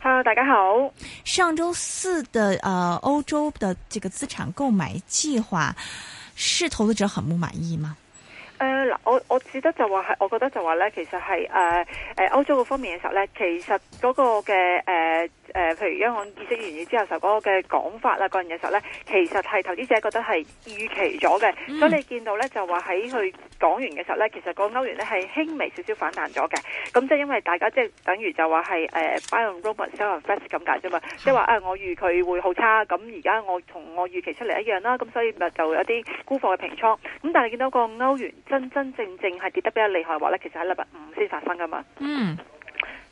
Hello 大家好。上周四的，誒、呃，歐洲的這個資產購買計劃，是投資者很不滿意嗎？誒，嗱，我我只得就話係，我覺得就話咧，其實係誒誒，歐洲方面嘅時候咧，其實嗰個嘅誒。呃誒、呃，譬如央行議息完之後，就嗰個嘅講法啊，嗰樣嘢時候咧，其實係投資者覺得係預期咗嘅，所以、嗯、你見到咧就話喺佢講完嘅時候咧，其實個歐元咧係輕微少少反彈咗嘅。咁即係因為大家即係等於就話係誒 buy on rumour, sell on fact 咁解啫嘛，即係話啊，我預佢會好差，咁而家我同我預期出嚟一樣啦，咁所以咪就有啲沽貨嘅平倉。咁但係見到個歐元真真正正係跌得比較厲害嘅話咧，其實喺禮拜五先發生噶嘛。嗯。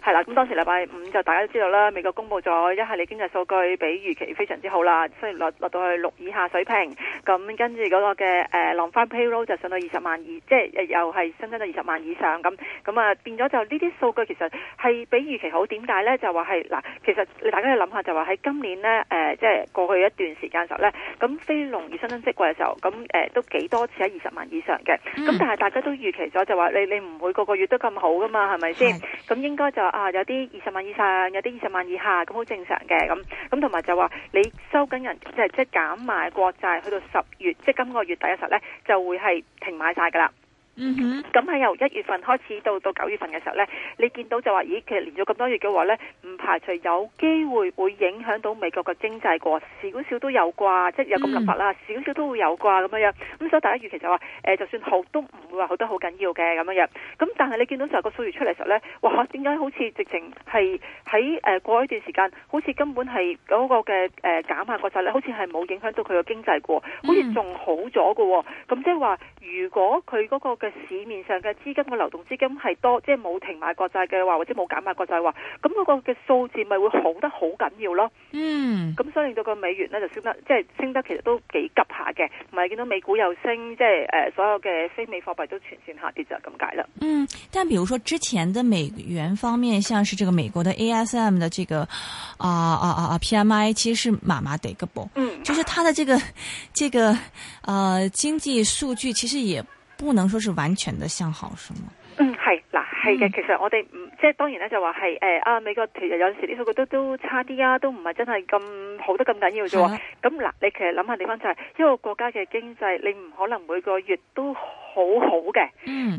係啦，咁當時禮拜五就大家都知道啦，美國公布咗一系列經濟數據比預期非常之好啦，雖然落落到去六以下水平，咁跟住嗰個嘅誒、呃、non-farm payroll 就上到二十萬以，即係又係新增到二十萬以上咁，咁啊變咗就呢啲數據其實係比預期好，點解呢？就話係嗱，其實大家要諗下就話喺今年呢，誒、呃，即係過去一段時間時候呢，咁非農業新增職位嘅時候，咁誒、呃、都幾多次喺二十萬以上嘅，咁但係大家都預期咗就話你你唔會個個月都咁好噶嘛，係咪先？咁的應該就。啊，有啲二十萬以上，有啲二十萬以下，咁好正常嘅咁，咁同埋就話你收緊人，即係即係減買國債，去到十月，即係今個月底嘅時候呢，就會係停買晒㗎啦。嗯哼，咁係由一月份開始到到九月份嘅時候呢，你見到就話，咦，其實連續咁多月嘅話呢，唔排除有機會會影響到美國嘅經濟個，少少都有啩，即、就、係、是、有咁嘅發啦，少少都會有啩咁樣。咁所以大家預期就話，誒、呃，就算好都唔會話好得好緊要嘅咁樣。咁但係你見到成個數月出嚟嘅時候呢，哇，點解好似直情係喺誒過一段時間，好似根本係嗰個嘅誒減壓個勢呢，好似係冇影響到佢嘅經濟個，mm hmm. 好似仲好咗嘅。咁即係話，如果佢嗰、那個市面上嘅資金嘅流動資金係多，即係冇停買國債嘅話，或者冇減買國債話，咁嗰個嘅數字咪會好得好緊要咯。嗯，咁所以令到個美元呢，就升得，即係升得其實都幾急下嘅，同埋見到美股又升，即係誒、呃、所有嘅非美貨幣都全線下跌就係咁解啦。嗯，但係譬如說之前的美元方面，像是這個美國的 A S M 的這個、呃、啊啊啊啊 P M I，其實是麻麻地嘅啵。嗯，就是它的這個這個啊、呃、經濟數據其實也。不能說是完全的向好，是嗎？嗯，係嗱，係嘅，其實我哋唔即係當然咧，就話係誒啊，美國其實有時啲數據都都差啲啊，都唔係真係咁好得咁緊要啫。咁嗱的，你其實諗下地方就係、是、一個國家嘅經濟，你唔可能每個月都。好好嘅，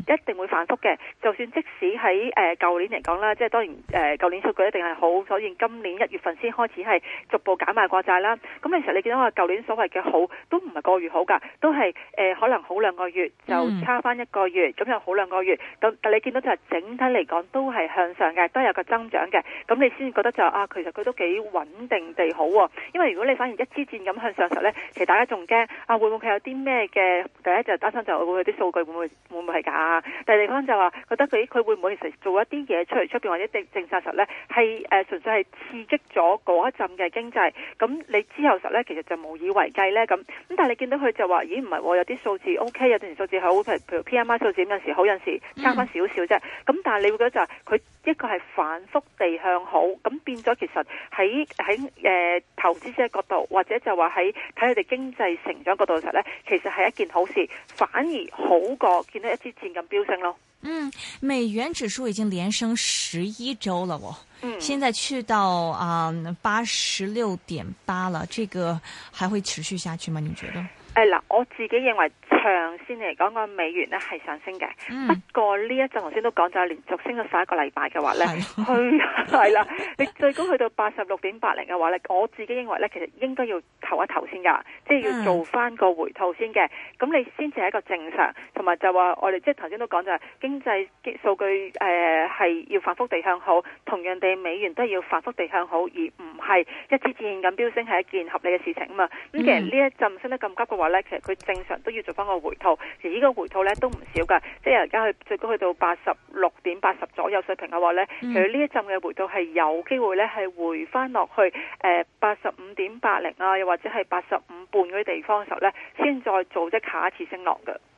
一定會反覆嘅。就算即使喺誒舊年嚟講啦，即係當然誒舊年數據一定係好，所以今年一月份先開始係逐步減賣國債啦。咁其實你見到我舊年所謂嘅好，都唔係個月好㗎，都係誒可能好兩個月就差翻一個月，咁又好兩個月。咁但你見到就係整體嚟講都係向上嘅，都係有個增長嘅。咁你先至覺得就啊，其實佢都幾穩定地好喎。因為如果你反而一支箭咁向上時候咧，其實大家仲驚啊，會唔會佢有啲咩嘅？第一就擔心就會有啲數。數據會唔會會唔會係假啊？第地方就話，覺得佢佢會唔會其實做一啲嘢出嚟出邊或者定政策實咧？係誒，純、呃、粹係刺激咗嗰一陣嘅經濟。咁你之後實咧，其實就無以為繼咧。咁咁，但係你見到佢就話，咦，唔係喎，有啲數字 OK，有段數字好，譬如，譬如 PMI 數字有陣時好，有陣時差翻少少啫。咁但係你會覺得就係佢。一個係反覆地向好，咁變咗其實喺喺誒投資者角度，或者就話喺睇佢哋經濟成長角度嘅時候咧，其實係一件好事，反而好過見到一支箭咁飆升咯。嗯，美元指數已經連升十一周了喎，嗯，現在去到啊八十六點八了，這個還會持續下去嗎？你覺得？係啦，我自己認為長線嚟講個美元咧係上升嘅。嗯、不過呢一陣頭先都講咗，連續升咗十一個禮拜嘅話咧，去係啦，你最高去到八十六點八零嘅話咧，我自己認為咧，其實應該要投一投先噶，即係要做翻個回吐先嘅。咁、嗯、你先至係一個正常，同埋就話我哋即係頭先都講咗係經濟數據誒係、呃、要反復地向好，同樣地美元都要反復地向好，而唔係一次次咁飆升係一件合理嘅事情啊嘛。咁其實呢一陣升得咁急嘅話，咧，其實佢正常都要做翻個回吐，其實呢個回吐咧都唔少噶，即係而家佢最高去到八十六點八十左右水平嘅話咧，其實呢、嗯、一陣嘅回吐係有機會咧係回翻落去誒八十五點八零啊，又或者係八十五半嗰啲地方嘅時候咧，先再做即下一次升浪嘅。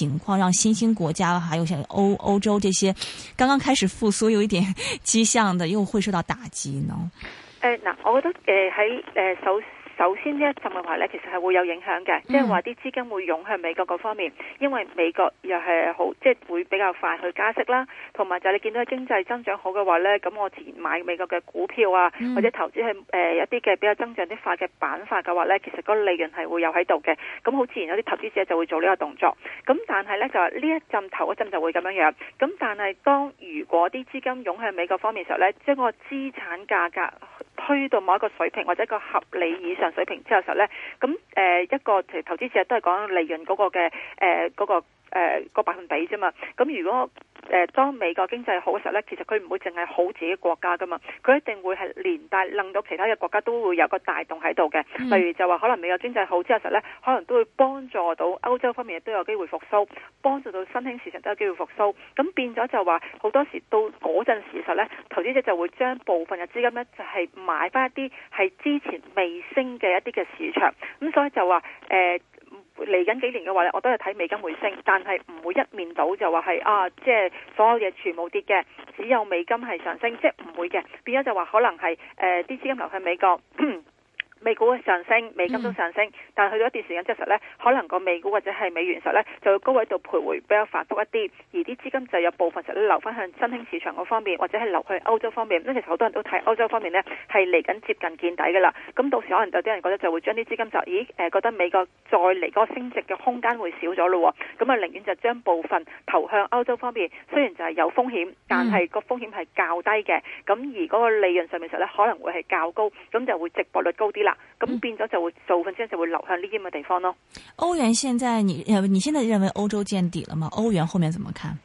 情況讓新興國家還有像歐歐洲這些，剛剛開始復蘇，有一點跡象的，又會受到打擊呢。誒、嗱，我覺得誒喺誒首。呃首先呢一陣嘅話咧，其實係會有影響嘅，即係話啲資金會湧向美國嗰方面，因為美國又係好，即係會比較快去加息啦，同埋就係你見到經濟增長好嘅話咧，咁我自然買美國嘅股票啊，嗯、或者投資喺誒一啲嘅比較增長啲快嘅板塊嘅話咧，其實個利潤係會有喺度嘅，咁好自然有啲投資者就會做呢個動作。咁但係咧就係呢一陣頭一陣就會咁樣樣，咁但係當如果啲資金湧向美國方面時候咧，將個資產價格推到某一個水平或者一個合理以上。水平之後實咧，咁誒一個誒投資者都係講利潤嗰個嘅誒，嗰、嗰個誒、嗰個百分比啫嘛，咁如果。誒，當美國經濟好嘅時候咧，其實佢唔會淨係好自己國家噶嘛，佢一定會係連帶令到其他嘅國家都會有個帶動喺度嘅。嗯、例如就話，可能美國經濟好之後實咧，可能都會幫助到歐洲方面亦都有機會復甦，幫助到新興市場都有機會復甦。咁變咗就話，好多時到嗰陣時實咧，投資者就會將部分嘅資金咧，就係、是、買翻一啲係之前未升嘅一啲嘅市場。咁所以就話誒。呃嚟緊幾年嘅話咧，我都係睇美金會升，但係唔會一面倒就話係啊，即係所有嘢全部跌嘅，只有美金係上升，即係唔會嘅。變咗就話可能係誒啲資金流向美國。美股嘅上升，美金都上升，但係去到一段時間之後咧，可能個美股或者係美元實咧，就會高位度徘徊，比較反覆一啲，而啲資金就有部分實咧流翻向新興市場嗰方面，或者係流去歐洲方面。因為其實好多人都睇歐洲方面呢，係嚟緊接近見底㗎啦。咁到時可能有啲人覺得就會將啲資金就，咦誒，覺得美國再嚟嗰升值嘅空間會少咗咯，咁啊，寧願就將部分投向歐洲方面。雖然就係有風險，但係個風險係較低嘅。咁而嗰個利潤上面實咧可能會係較高，咁就會值博率高啲啦。咁變咗就會，大部分真係會流向呢啲嘅地方咯。歐元現在你，你現在認為歐洲見底了嗎？歐元後面怎麼看？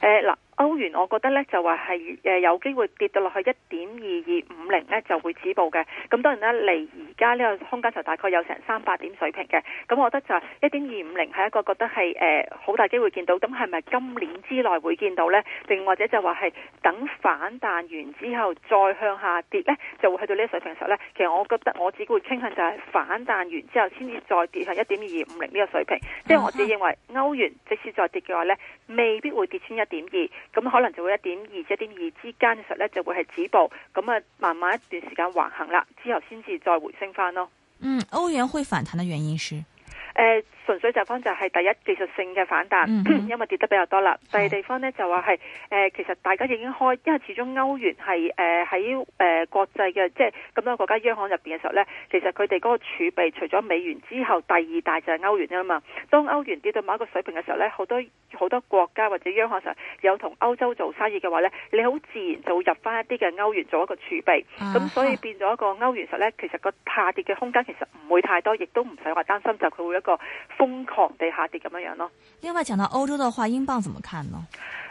誒、哎，啦。歐元，我覺得咧就話係誒有機會跌到落去一點二二五零咧就會止步嘅。咁當然啦，離而家呢個空間就大概有成三百點水平嘅。咁我覺得就係一點二五零係一個覺得係誒好大機會見到。咁係咪今年之內會見到呢？定或者就話係等反彈完之後再向下跌呢？就會去到呢個水平嘅時候呢，其實我覺得我只會傾向就係反彈完之後先至再跌向一點二二五零呢個水平。即係、嗯、哼我自認為歐元即使再跌嘅話呢，未必會跌穿一點二。咁可能就會一點二、一點二之間嘅時候咧，就會係止步，咁啊，慢慢一段時間橫行啦，之後先至再回升翻咯。嗯，歐元會反彈的原因是。誒、呃、純粹就方就係第一技術性嘅反彈，mm hmm. 因為跌得比較多啦。第二地方呢，就話係誒，其實大家已經開，因為始終歐元係誒喺誒國際嘅即係咁多國家央行入邊嘅時候呢，其實佢哋嗰個儲備除咗美元之後，第二大就係歐元啊嘛。當歐元跌到某一個水平嘅時候呢，好多好多國家或者央行實有同歐洲做生意嘅話呢，你好自然就會入翻一啲嘅歐元做一個儲備，咁、uh huh. 所以變咗一個歐元實呢，其實個下跌嘅空間其實唔會太多，亦都唔使話擔心，就佢會一。瘋狂地下跌咁樣樣咯。另外講到歐洲的話，英鎊怎麼看呢？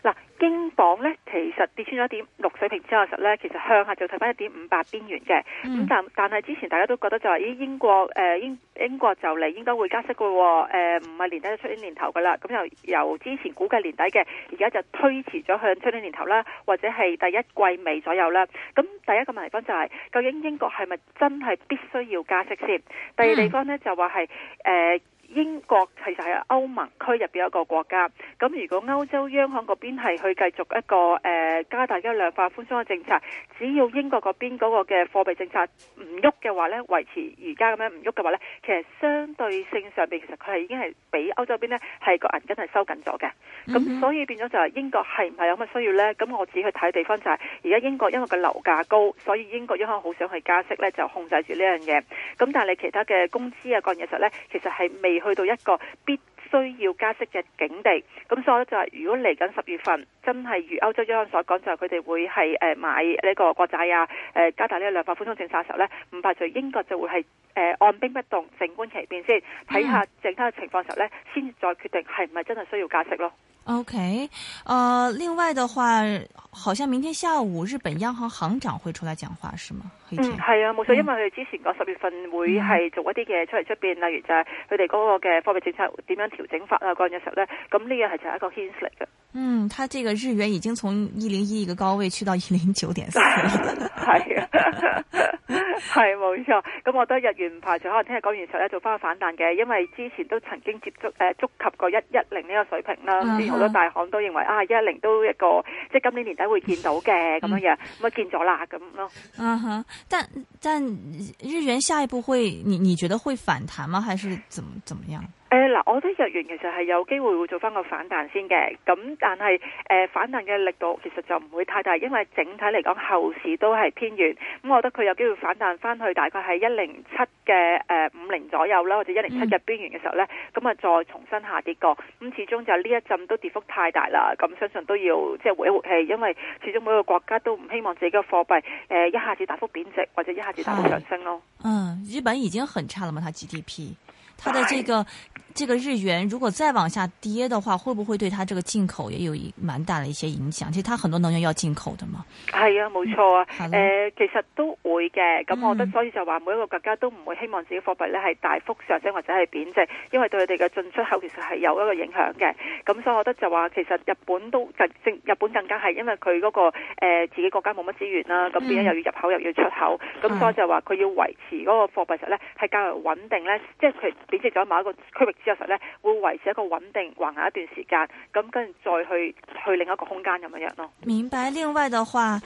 嗱，英鎊咧，其實跌穿咗一點六水平之後呢，實咧其實向下就睇翻一點五八邊緣嘅。咁、嗯、但但係之前大家都覺得就話，咦，英國誒、呃、英英國就嚟應該會加息嘅喎，唔、呃、係年底就出年年頭嘅啦。咁又由之前估計年底嘅，而家就推遲咗向出年年頭啦，或者係第一季尾左右啦。咁第一個問題方就係、是，究竟英國係咪真係必須要加息先？第二地方呢，就話係誒。呃英國其實係歐盟區入邊一個國家，咁如果歐洲央行嗰邊係去繼續一個誒、呃、加大一量化寬鬆嘅政策，只要英國嗰邊嗰個嘅貨幣政策唔喐嘅話呢，維持而家咁樣唔喐嘅話呢，其實相對性上邊其實佢係已經係比歐洲嗰邊呢係個銀根係收緊咗嘅，咁所以變咗就係英國係唔係有咁嘅需要呢？咁我自己去睇地方就係而家英國因為個樓價高，所以英國央行好想去加息呢，就控制住呢樣嘢。咁但係你其他嘅工資啊嗰嘢實呢，其實係未。去到一個必須要加息嘅境地，咁所以我就話：如果嚟緊十月份真係如歐洲央行所講，就係佢哋會係誒、呃、買呢個國債啊，誒、呃、加大呢個量化寬鬆政策嘅時候咧，唔排除英國就會係誒、呃、按兵不動，靜觀其變先，睇下整體情況嘅時候咧，先再決定係唔係真係需要加息咯。OK，呃，另外的話，好像明天下午日本央行行長會出來講話，是嗎？嗯，係啊，冇錯，嗯、因為佢哋之前講十月份會係做一啲嘢出嚟出邊，例如就係佢哋嗰個嘅貨幣政策點樣調整法啊，嗰陣時候咧，咁呢個係就係一個 hint 嚟嘅。嗯，他這個日元已經從一零一一個高位去到一零九點四了。係啊。係冇錯，咁我覺得日元唔排除可能聽日講完之後做翻個反彈嘅，因為之前都曾經接觸、誒觸及過一一零呢個水平啦，啲好、uh huh. 多大行都認為啊，一一零都一個即係今年年底會見到嘅咁 樣樣，咁啊見咗啦咁咯。嗯、huh. 哼，但但日元下一步會，你你覺得會反彈嗎？還是怎麼怎麼樣？誒，嗱、呃，我覺得日元其實係有機會會做翻個反彈先嘅，咁但係誒反彈嘅力度其實就唔會太大，因為整體嚟講後市都係偏軟，咁我覺得佢有機會反彈翻去大概喺一零七嘅誒五零左右啦，或者一零七嘅邊緣嘅時候咧，咁啊、嗯、再重新下跌過，咁始終就呢一陣都跌幅太大啦，咁相信都要即係回一回氣，因為始終每個國家都唔希望自己嘅貨幣誒一下子大幅貶值或者一下子大幅上升咯。嗯，日本已經很差了嗎？它 GDP。他的這個。這個日元如果再往下跌的話，會不會對它這個進口也有一蠻大的一些影響？其實它很多能源要進口的嘛。係啊，冇錯啊。誒的、呃，其實都會嘅。咁我覺得所以就話每一個國家都唔會希望自己貨幣咧係大幅上升或者係貶值，因為對佢哋嘅進出口其實係有一個影響嘅。咁所以我覺得就話其實日本都日本更加係，因為佢嗰、那個誒、呃、自己國家冇乜資源啦，咁變咗又要入口又要出口，咁、嗯、所以就話佢要維持嗰個貨幣實咧係較為穩定咧，即係佢貶值咗某一個區域。其實咧會維持一個穩定，橫行一段時間，咁跟住再去去另一個空間，咁樣樣咯。明白。另外的話。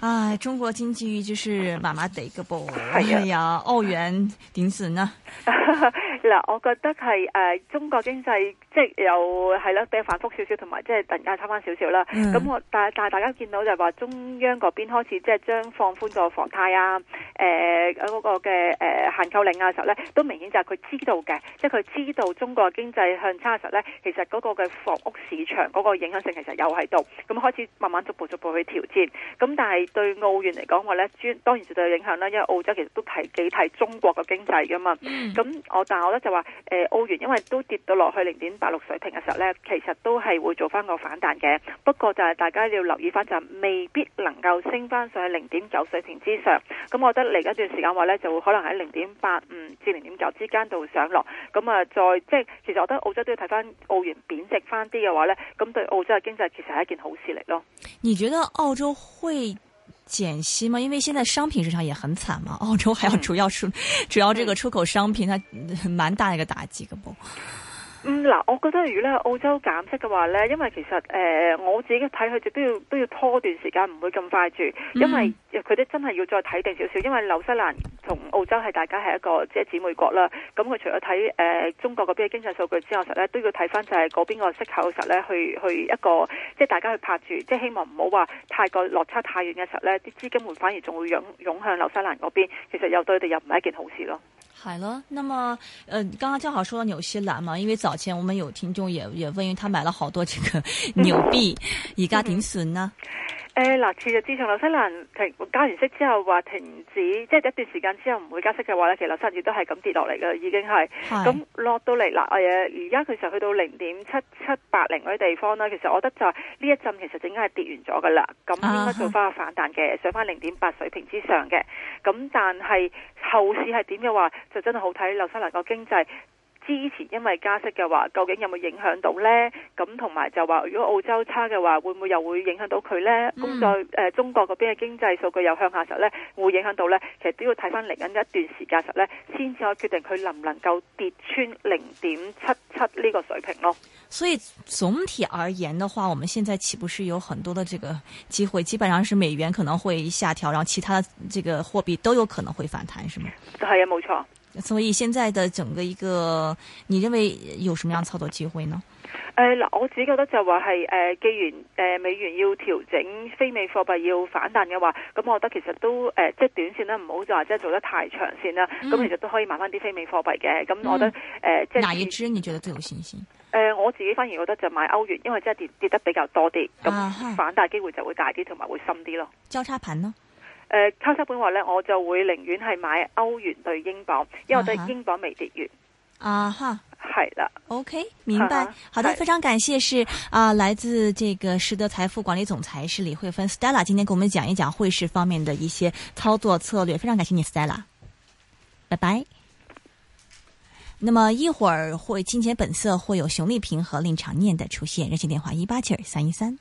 啊，中國經濟就是麻麻地嘅噃，係啊，歐元點算呢？嗱， 我覺得係誒、呃，中國經濟即係又係啦，比較反復少少，同埋即係突然間差翻少少啦。咁、嗯、我但係但係大家見到就係話中央嗰邊開始即係將放寬個房貸啊，誒、呃、嗰、那個嘅誒、呃、限購令啊時候咧，都明顯就係佢知道嘅，即係佢知道中國經濟向差嘅時候咧，其實嗰個嘅房屋市場嗰個影響性其實又喺度，咁開始慢慢逐步逐步去調節，咁但係。對澳元嚟講話咧，專當然絕對有影響啦，因為澳洲其實都睇幾睇中國嘅經濟噶嘛。咁、mm. 我但係我覺得就話，誒，澳元因為都跌到落去零點八六水平嘅時候咧，其實都係會做翻個反彈嘅。不過就係大家要留意翻就係未必能夠升翻上去零點九水平之上。咁、嗯、我覺得嚟一段時間話咧，就會可能喺零點八五至零點九之間度上落。咁、嗯、啊，再即係，其實我覺得澳洲都要睇翻澳元貶值翻啲嘅話咧，咁對澳洲嘅經濟其實係一件好事嚟咯。你覺得澳洲會？減息嘛，因為現在商品市場也很慘嘛，澳洲還要主要是、嗯、主要這個出口商品，它蠻大一個打擊，可不？嗯，嗱，我覺得如果喺澳洲減息嘅話咧，因為其實誒、呃、我自己睇佢哋都要都要拖一段時間，唔會咁快住，因為佢哋真係要再睇定少少，因為紐西蘭同澳洲係大家係一個即係姊妹國啦。咁佢除咗睇誒中國嗰邊經濟數據之外，實咧都要睇返就係嗰邊個息口嘅時候咧，去去一個即係大家去拍住，即係希望唔好話太過落差太遠嘅時候咧，啲資金會反而仲會湧湧向紐西蘭嗰邊，其實又對佢哋又唔係一件好事咯。好了，那麼，呃，剛剛正好說到紐西蘭嘛，因為早前我們有聽眾也也問，因為他買了好多這個紐幣， 以家點算呢？ 誒，嗱，其實自從紐西蘭停加完息之後，話停止，即係一段時間之後唔會加息嘅話咧，其實紐西蘭亦都係咁跌落嚟嘅，已經係，咁落到嚟嗱，誒，而家其實去到零點七七八零嗰啲地方啦，其實我覺得就係呢一陣其實已經係跌完咗噶啦，咁應該做翻個反彈嘅，上翻零點八水平之上嘅，咁但係後市係點嘅話，就真係好睇紐西蘭個經濟。之前因為加息嘅話，究竟有冇影響到呢？咁同埋就話，如果澳洲差嘅話，會唔會又會影響到佢呢？嗯、工作誒、呃、中國嗰邊嘅經濟數據又向下實呢，會影響到呢，其實都要睇返嚟緊一段時間實呢，先至可以決定佢能唔能夠跌穿零點七七呢個水平咯。所以總體而言的話，我們現在豈不是有很多的這個機會？基本上是美元可能會下調，然後其他的這個貨幣都有可能會反彈，是嗎？係啊，冇錯。所以現在的整個一個，你認為有什麼樣操作機會呢？誒嗱、呃，我自己覺得就話係誒，既然誒、呃、美元要調整，非美貨幣要反彈嘅話，咁我覺得其實都誒、呃，即係短線咧唔好就話即係做得太長線啦、啊。咁、嗯、其實都可以買翻啲非美貨幣嘅。咁我覺得誒、嗯呃，即係哪一支你覺得最有信心？誒、呃，我自己反而覺得就買歐元，因為即係跌跌得比較多啲，咁、啊、反彈機會就會大啲，同埋會深啲咯、啊。交叉盤呢？呃，抄收本話呢，我就會寧願係買歐元兌英鎊，因為我對英鎊未跌完。啊哈，係啦，OK，明白。Uh huh. 好的，非常感謝是，是、uh huh. 啊，來自這個實德財富管理總裁是李慧芬 Stella，今天跟我們講一講匯市方面的一些操作策略，非常感謝你 Stella，拜拜。Bye、那麼一會兒會金錢本色會有熊麗萍和令常念的出現，熱線電話一八七二三一三。